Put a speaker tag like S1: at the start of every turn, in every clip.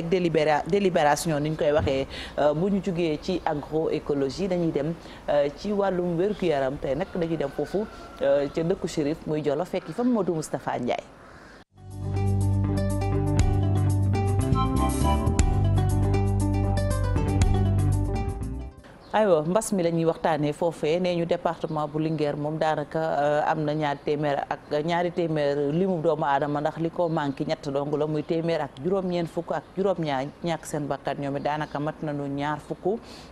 S1: ak délibéra délibération ni ñu koy waxee euh, bu ñu jugee ci écologie dañuy dem euh, ci wàllum wérgu yaram tey nag dañuy dem foofu euh, ca dëkku Chérif muy Jolof fekk fa Modou Moustapha Ndiaye. aywa mbas mi lañuy ñuy waxtaanee foofee nee ñu département bu Linguère moom daanaka euh, am na ñaari téeméer ak ñaari téeméer limu doomu aadama ndax li ko manqué doom dong la muy téeméer ak juróom-ñeent fukk ak juróom-ñaar ñàkk seen bakkan ñoom mi daanaka mat na nañu ñaar fukk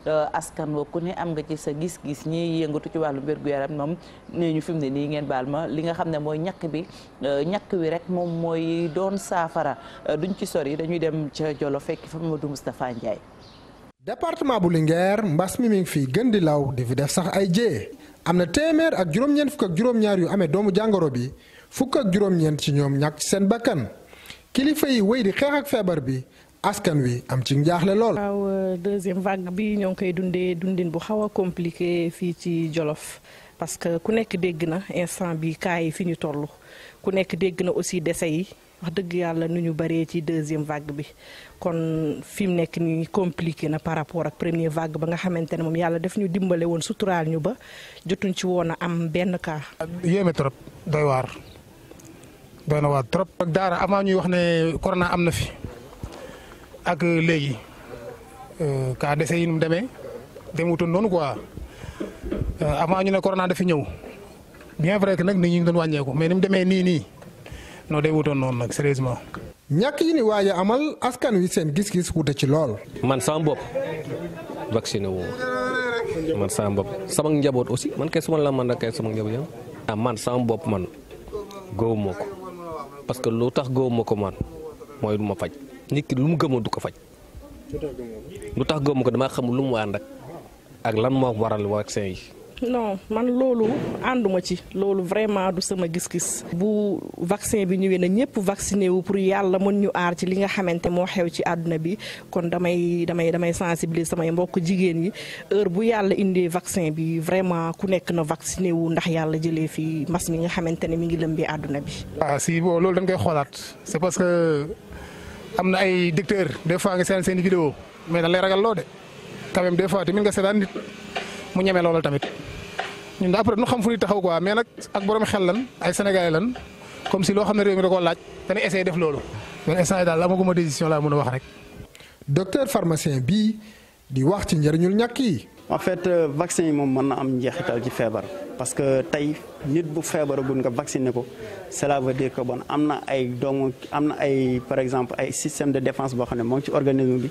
S1: euh, askan wa ku ne am nga ci sa gis-gis ñi yëngatu ci wàllu mbir gu yaram moom nee ñu fi mu ne nii ngeen baal ma li nga xam ne mooy ñàkk bi euh, ñàkk wi rek moom mooy doon saafara duñ ci sori dañuy dem ca jolo fekk fa Mamadou Moustapha
S2: departement bu Linguère mbas mi mi ngi fi gën di law di fi def sax ay jee am na téeméer ak juróom-ñeent fukk ak juróom-ñaar yu amee doomu jàngoro bi fukk ak juróom-ñeent ci ñoom ñakk ci seen bakkan kilifa yi wéy di xeex ak feebar bi. askan wi am ci njaaxle lool.
S1: waaw euh, deuxième vague bi ñoo ngi koy dundee dundin bu xaw a compliqué fii ci Jolof parce que ku nekk dégg na instant bi cas yi fi ñu toll ku nekk dégg na aussi décès yi. wax dëgg yàlla nu ñu baree ci deuxième vague bi kon fi mu nekk nii compliqué na par rapport ak première vague ba nga xamante ne moom yàlla def ñu dimbale woon suturaal ñu ba jotuñ ci woon a am benn cas.
S2: yéeme trop doy waar doy na waar trop. ak daara avant ñuy wax ne corona am na fi ak léegi euh, cas dese yi nu mu demee demutoon noonu quoi euh, avant ñu ne corona dafi ñëw bien vrai que nag nit ñi doon wàññeeku mais ni mu demee nii nii. noo day wutoon noonu nag sérieusement. ñàkk yi ni waaj amal askan wi seen gis-gis wute ci lool. man sama bopp vacciné wu man sama bopp sama njaboot aussi man kay suma la man kay sama njaboot yam ah man sama bopp man gëwuma ko parce que lu tax gëwuma ko man mooy lu ma faj nit ki lu mu gëmoo du ko faj. lu tax gëwuma ko damaa xamul lu mu ànd ak ak lan moo waral vaccin yi.
S1: non man loolu ànduma ci loolu vraiment du sama gis-gis bu vaccin bi ñëwee na ñëpp vacciné wu pour yàlla mën ñu aar ci li nga xamante moo xew ci àdduna bi kon damay damay damay sensibiliser samay mbokk jigéen ñi heure bu yàlla indee vaccin bi vraiment ku nekk na vacciné wu ndax yàlla jëlee fi mbas mi nga xamante ne mi ngi lëmbee àdduna bi.
S2: ah si bon loolu dañ koy xoolaat c'est parce que am na ay docteur des fois nga seen seen vidéo mais dañ lay ragal loo de quand même des fois tamit nga seetaan mu ñeme loolu tamit. ñun daa après nu xam fu ñuy taxaw quoi mais nag ak borom xel lan ay sénégalais lan comme si loo xam ne réew mi da koo laaj dañuy essayé def loolu. mais la yii daal amaguma décision laa mën a wax rek. docteur pharmacien bii di wax ci njëriñul ñàkk yi. en fait euh, vaccin
S3: yi moom mën na am njeexital ci feebar parce que tey nit bu feebaragul nga vacciner ko cela veut dire que bon am na ay doomu am na ay par exemple ay système de dépense boo xam ne moo ci organisme bi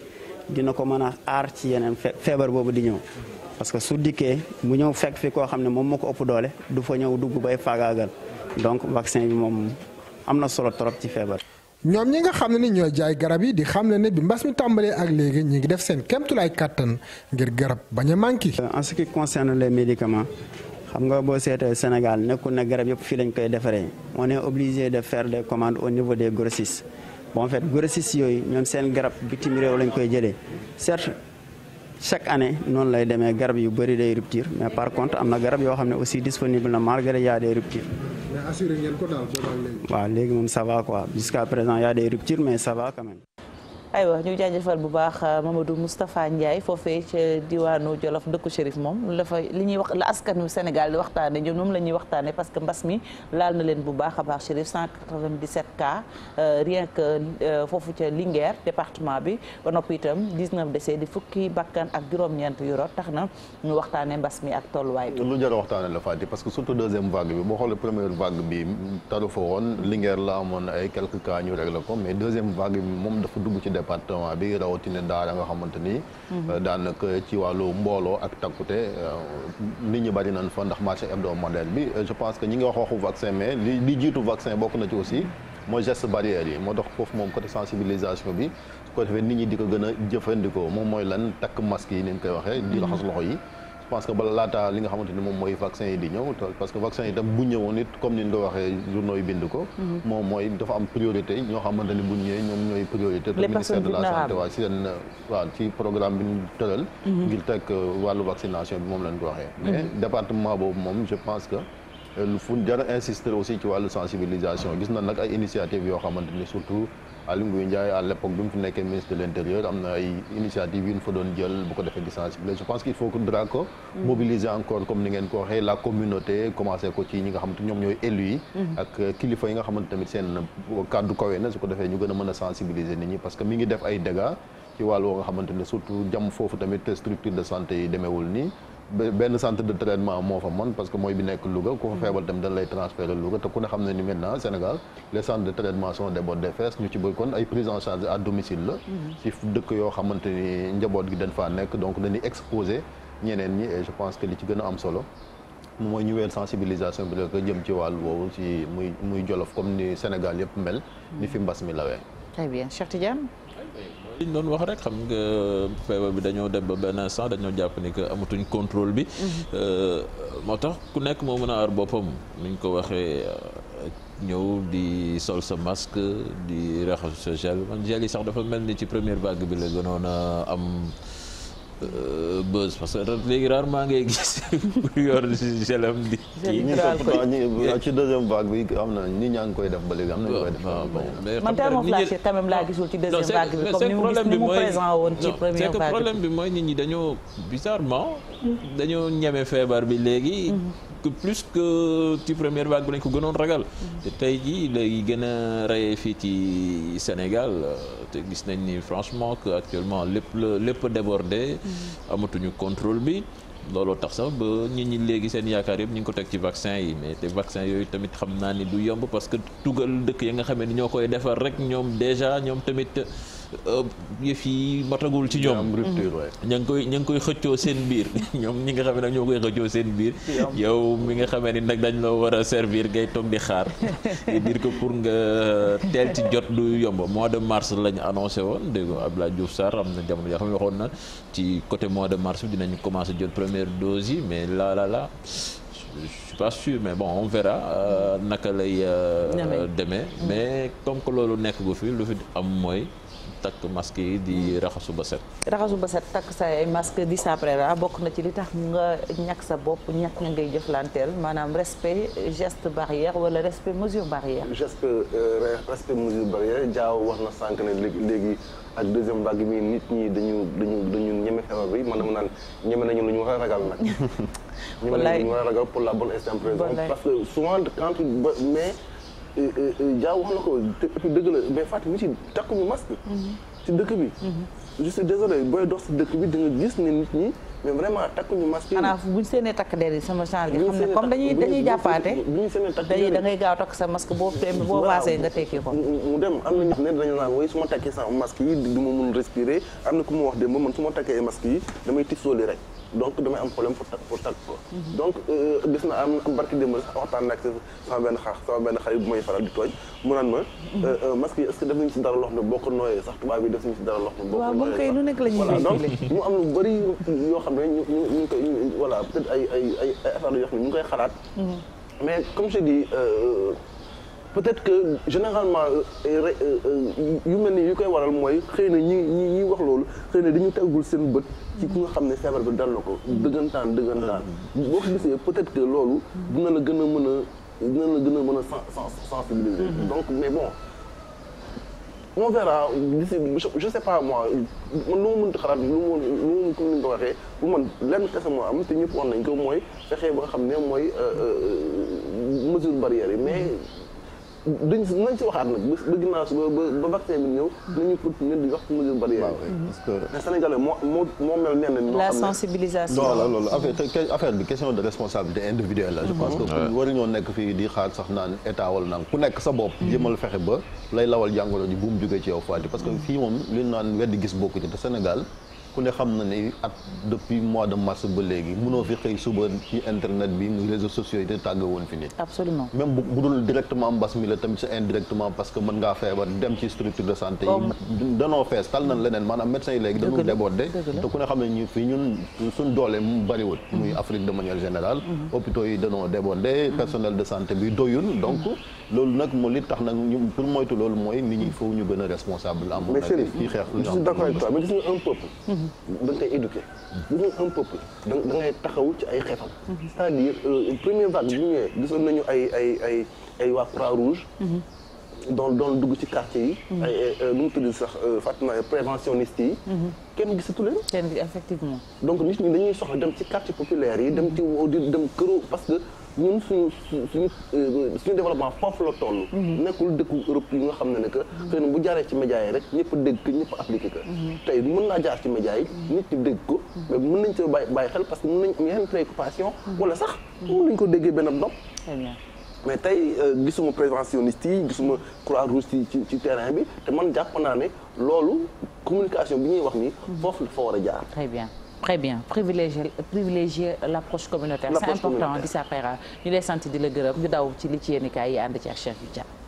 S3: dina ko mën a aar ci yeneen feebar boobu di ñëw. parce que su dikkee mu ñëw fekk fi koo xam ne moom moo ko ëpp doole du fa ñëw dugg bay faagaagal donc vaccin bi moom am na solo trop ci feebar.
S2: ñoom ñi nga xam ne ni ñooy jaay garab yi di xam ne ne bi mbas mi tàmbalee ak léegi ñu ngi def seen kéemtulaay kàttan ngir garab bañ a manqué. en ce qui
S3: concerne les médicament xam nga boo seetee Sénégal nekkul na garab yëpp fii lañu koy defaree on est obligé de faire des commandes au niveau des grossistes bon en fait grossistes yooyu ñoom seen garab bitim réew lañ koy jëlee certes. chaque année noonu lay demee garab yu bëri day rupture mais par contre am na garab yoo xam ne aussi disponible na malgré y a des ruptures.
S2: mais assuré ngeen
S3: waaw léegi moom ça va quoi jusqu'à présent y a des ruptures mais ça va quand
S1: aywa ñu jaajëfal bu baax euh, Mamadou Moustapha Ndiaye foofee ca euh, diwaanu Jolof dëkku Chérif moom la fa li ñuy wax la askanu Sénégal di waxtaane ñoom moom la ñuy waxtaane parce que mbas mi laal na leen bu baax a baax Chérif 197 cas euh, rien que foofu ca Linguère département bi ba noppi itam 19 décès di fukki bakkan ak juróom-ñeent yu rot tax na ñu waxtaane mbas mi ak tolluwaay
S2: bi. lu jar a waxtaane la Fatick parce que surtout deuxième vague bi boo moom dafa dugg ci département bi rawatina daara nga xamante ni. Mhm. Euh, daanaka ci wàllu mbooloo ak takkute euh, nit ñi bari nañ fa ndax marché hebdomadaire bi euh, je pense que ñi ngi wax waxu vaccin mais li li jiitu vaccin bokk na ci aussi. moo geste barrière yi moo tax foofu moom côté sensibilisation bi su ko defee nit ñi di ko gën a jëfandikoo moom mooy lan takk masque yi ni koy waxee. di mhm. raxas loxo yi. parce que bala laata li nga xamante ni moom mooy vaccin yi di ñëw parce que vaccin yi tam bu ñëwoon it comme ni ñu waxee journaux bind ko mhm. moom mooy dafa am priorité ñoo xamante ni bu ñëwee ñoom ñooy priorité te ministère de la ci programme bi ñu tëral mhm. ngir teg euh, wàllu vaccination bi moom la ko waxee mhm. mais département boobu moom je pense que euh, lu jar jara insister aussi ci wàllu sensibilisation gis na nag ay initiative yoo xamante ni surtout Aly Ngouille Ndiaye à l'époque bi mu fi nekkee ministre de l'intérieur am na ay initiative yu ñu fa doon jël bu ko defee di sensibiliser je pense qu'il faut que dra ko mm. mobiliser encore comme ko ci ñi nga xamante ñoom ñooy élu yi mm-hmm. ak kilifa yi nga xamante tamit seen kàddu kawe su ko defee ñu gën a sensibiliser nit ñi parce que mi ngi def ay dégâts ci wàll woo nga xamante ne surtout jam foofu tamit structure de santé yi demeewul nii benn centre de traitement moo fa mën parce que mooy bi nekk Louga ku fa feebar tamit dañ lay transférer te ku ne xam ne ni maintenant Sénégal les centres de traitement sont débordés fees ñu ci bëri kon ay prise en à domicile la mm-hmm. ci dëkk yoo xamante ni njaboot gi dañ faa nekk donc dañuy exposé ñeneen ñi et je pense que li ci gën a am solo mooy ñu weer sensibilisation bi rek jëm ci wàll woowu ci muy muy
S4: jolof comme ni Sénégal yëpp mel ni fi mbas mi lawee très li ñu doon wax rek xam nga feebar bi dañoo dem ba benn instant dañoo jàpp ni que amatuñ contrôle bi. Mhm. Euh, moo tax ku nekk moo mën a aar boppam ni ko waxee. Euh, ñëw di sol sa masque di raxas sa gel man gel yi sax dafa mel ni ci première vague bi la gënoon a am. Eh, buzz parce que léegi rarement ngay gis bu yor gelam di. ci deuxième vague bi am na nit ñaa ngi koy def ba léegi am na ñu koy def. man thermoflash
S1: quand même laa gisul ci deuxième vague bi comme ni mu gis ni mu
S4: bi. mooy nit ñi dañoo bizarrement. dañoo ñeme feebar bi léegi. Mhm. plus que ci première vague bi lañ ko gënoon ragal. Mhm. te tey jii léegi gën a reyee fii ci Sénégal te gis nañ ni franchement que actuellement lépp la lépp a débordé. Mhm. amatuñu contrôle bi. looloo tax sax ba nit ñi léegi seen yaakaar yëpp ñu ngi ko teg ci vaccin yi mais te vaccin yooyu tamit xam naa ni du yomb parce que tugal dëkk ya nga xamee ni ñoo koy defar rek ñoom déjà ñoom tamit. Euh, yëf yi matagul ci ñoom ña ngi koy ña ngi koy xëccoo seen biir ñoom ñi nga xam ne nag ñoo koy xëccoo seen biir yow mi nga xamee ni nag dañ la war a servir ngay toog di xaar di dire que pour nga euh, teel ci jot du yomb mois de mars lañ annoncé woon dégg ab laa Diouf Sarr am na jamono yoo xam ne waxoon na ci côté mois de mars bi dinañu commencé jot première dose yi mais là là là je suis pas mais bon on verra euh, naka lay demee mais comme que loolu nekk ko fi lu fi am mooy takk masque yi di raxasu ba set
S1: raxasu ba set takk sa ay masque di saprera bokk na ci li tax nga ñàkk sa bopp ñàkk nga ngay jëflanteel maanaam respect geste barrière wala respect mesure barrière
S3: geste euh, respect mesure barrière jaaw wax na sànq ne léegi léegi ak deuxième vague bi nit ñi dañu dañu dañu ñeme feebar bi man dama naan ñeme nañu lu ñu war a ragal nag ñeme nañu lu war a ragal pour la bonne et simple parce que souvent quand mais jaa wax na ko te dëgg la mais Fatou mi ci takkuñu masque. Mm-hmm. ci dëkk bi. Mm-hmm. je suis désolé booy dox ci dëkk bi di nga gis ne nit ñi mais vraiment takkuñu masque yi. xanaa
S1: buñ takk der yi ne comme dañuy dañuy jàppaate. buñ seenee takk der yi da ngay gaaw takk sa masque boo pembe boo waasee nga tekki ko. mu
S3: dem am na ñoo xam ne dañu naan woy su ma takkee sama masque yi du ma mun respirer am na ku mu wax démb man su ma takkee masque yi damay tisooli rek. donc damay am problème pour pour tag ko donc euh, gis na am am barki démb sax waxtaan naa ak sama benn xaar sama benn xarit bu may faral di tooñ mu naan ma mm-hmm. euh, euh, masque yi est-ce que def nañu si dara loo xam ne boo ko nooyee sax tubaab yi def nañu si dara loo xam ne boo ko nooyee sax voilà donc mu am lu bëri yoo xam ne ñu ñu ñu koy voilà peut-être ay ay ay affaire yoo xam ne ñu ngi koy xalaat
S2: mm-hmm.
S3: mais comme je dis peut-être que généralement euh, euh, euh, yu mel ni yu koy waral mooy xëy na ñi ñi ñiy wax loolu xëy na dañu teggul seen bët ci ku nga xam ne feebar bi dal na ko dëggantaan dëggantaan boo ko gisee peut-être que loolu dina la gën a mën a gën a mën a sensibiliser donc mais bon on verra je sais pas moi man lu ma mënti xalaat lu ma lu ma comme ni nga ko waxee bu man lenn kese moo am te ñëpp wax nañ ko mooy fexe ba nga xam ne mooy mesure barrière yi mais dañ si nañ si waxaat nag ba dimanche ba ba vaccin bi ñëw. nañu continuer di wax ci mesure barrière moo moo moo mel nee la
S1: sensibilisation non la loolu
S2: affaire affaire bi question de la. je nekk fii di xaar sax naan état wala naan ku nekk sa bopp. jëmal fexe ba lay lawal jàngoro ji bu mu jógee ci yow Fatick. parce que fii moom li ñu naan weddi gis bokku ci te Sénégal. ku ne xam na ni at depuis mois de mars ba léegi mënoo fi xëy suba ci internet bi muy réseaux sociaux yi te tàgg woon fi nit absolument bu dul directement mbas mi la tamit sa indirectement parce que mën ngaa feebar dem ci structure de santé yi danoo fees tal nañ leneen maanaam médecins yi léegi dañu débordé te ku ne xam ne ñu fii ñun suñ doole mu mm-hmm. muy Afrique de manière générale mm-hmm. hôpitaux yi danoo débordé mm-hmm. personnel de santé bi doyul donc loolu nag moo li tax nag ñu pour moytu loolu mooy nit ñi foofu ñu gën a responsable am mais Chérif kii xeex je suis d'accord avec toi mais gis nga un peuple mm-hmm. da ci
S3: ay xeefam mm-hmm. c'est-à-dire euh, première vague bi ñu ñëwee gisoon nañu ay mm-hmm. ci quartier yi. ay euh, nu mu tudd sax euh, Fatima préventionniste yi.
S1: kenn gisatu leen. kenn effectivement.
S3: donc nit ñi dañuy soxla dem ci quartier populaire yi. dem ci dem këru parce que. ñun suñu suñu euh, suñu développement foofu la toll. Mhm. nekkul dëkku Europe yi nga xam ne ne que. Mhm. xëy bu jaaree ci média yi rek ñëpp dégg ko ñëpp appliqué ko. Mhm. tey mën naa jaar ci média yi. nit ñi dégg ko. mais mën nañ ci bàyyi bàyyi xel parce que mën nañ am yeneen préoccupation. wala sax mën nañ ko déggee benn nopp. mais tey euh, gisuma préventionniste yi gisuma croix rouge ci ci terrain bi te man jàpp naa ne loolu communication bi ñuy wax nii. foofu la war a jaar. très
S1: très bien privilégier privilégier l'approche communautaire. c'est important di sapera ñu lay sant di la gërëm ñu daw ci li ci yéen i kaay yi ànd ci ak Cheikh Diagne.